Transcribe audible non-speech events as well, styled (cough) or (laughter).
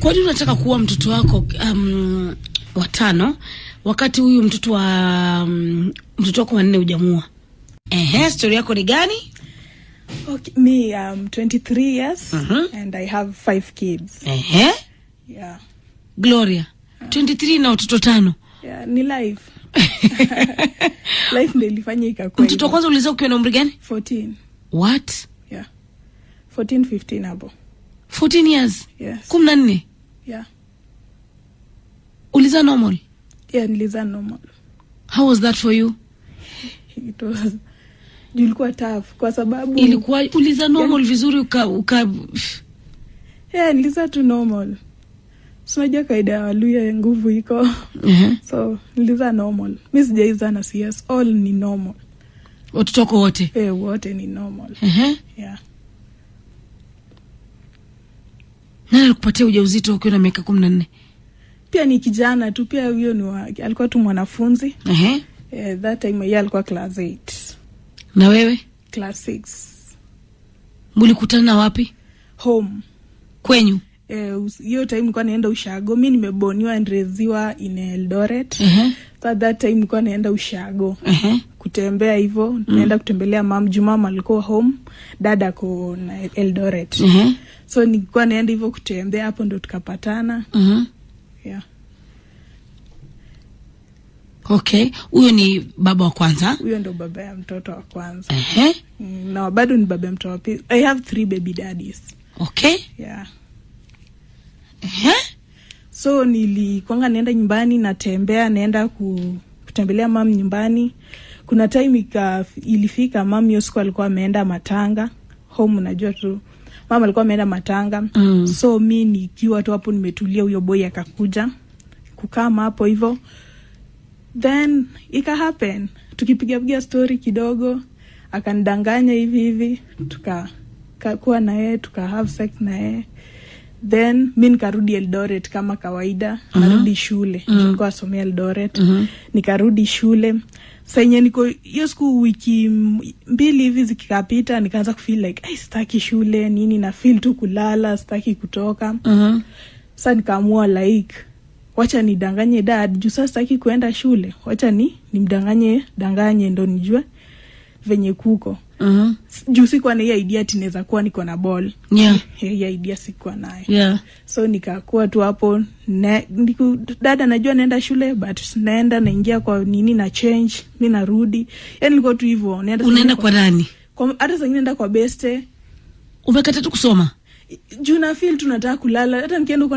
Kwa nini unataka kuwa mtoto wako um, watano wakati huyu mtoto wa um, mtoto wako wanne hujamuua? Ehe, story yako ni gani? Okay, me um, 23 years uh -huh. and I have five kids. Ehe. Yeah. Gloria, uh, -huh. 23 na watoto tano. Yeah, ni life. (laughs) life ndio ilifanya ikakuwa. Mtoto kwanza ulizaa ukiwa na umri gani? 14. What? Yeah. 14 15 hapo. 14 years yes. kumi na nne yeah. uliza normal yeah, niliza normal how was that for you it was ilikuwa tough kwa sababu ilikuwa uliza normal yeah. vizuri uka, uka... yeah, niliza tu normal sinajua kaida ya waluya nguvu iko uh -huh. so niliza normal mi sijaiza na cs all ni normal watotoko wote eh, wote ni normal uh -huh. yeah. Nani alikupatia ujauzito ukiwa na miaka kumi na nne? Pia ni kijana tu, pia huyo ni wa, alikuwa tu mwanafunzi uh -huh. Yeah, that time yeye alikuwa class 8 na wewe class 6. Mlikutana wapi? Home kwenyu? Eh, hiyo time nilikuwa naenda ushago, mimi nimeboniwa and raised in Eldoret uh -huh after that time nilikuwa naenda ushago uh -huh. kutembea hivyo mm. naenda kutembelea mam juu alikuwa home dada ako na Eldoret uh -huh. so nilikuwa naenda hivyo kutembea hapo ndo tukapatana uh -huh. yeah. Okay, huyo ni baba wa kwanza. Huyo ndo baba ya mtoto wa kwanza. uh -huh. na bado ni baba ya mtoto wa pili. I have three baby daddies. Okay. Yeah. uh -huh so nilikwanga naenda nyumbani, natembea naenda ku, kutembelea mam nyumbani. Kuna tim ilifika mam hiyo siku alikuwa ameenda Matanga home, najua tu mam alikuwa ameenda Matanga mm. so mi nikiwa tu hapo nimetulia, huyo boi akakuja kukama hapo hivyo, then ika happen tukipigapiga stori kidogo, akandanganya hivi hivi, tukakuwa nayee yeye tuka sex then mi nikarudi Eldoret kama kawaida mm -hmm. Narudi shule mm -hmm. Nilikuwa asomea Eldoret mm -hmm. Nikarudi shule senye niko hiyo siku wiki mbili hivi zikikapita, nikaanza kufeel like ai, sitaki shule nini, na feel tu kulala, sitaki kutoka mm -hmm. Sa nikaamua like wacha nidanganye dad juu saa sitaki kuenda shule, wacha ni nimdanganye danganye ndo nijue venye kuko uh-huh. juu sikuwa na hiyo idea tinaweza kuwa niko na ball yeah. hiyo idea sikuwa naye yeah. so nikakuwa tu hapo ne, niku, dada najua naenda shule but naenda naingia kwa nini na change mi narudi yani nilikuwa tu hivyo unaenda kwa nani hata sangine enda kwa beste umekata tu kusoma juu na fil tunataka kulala hata nikienda huko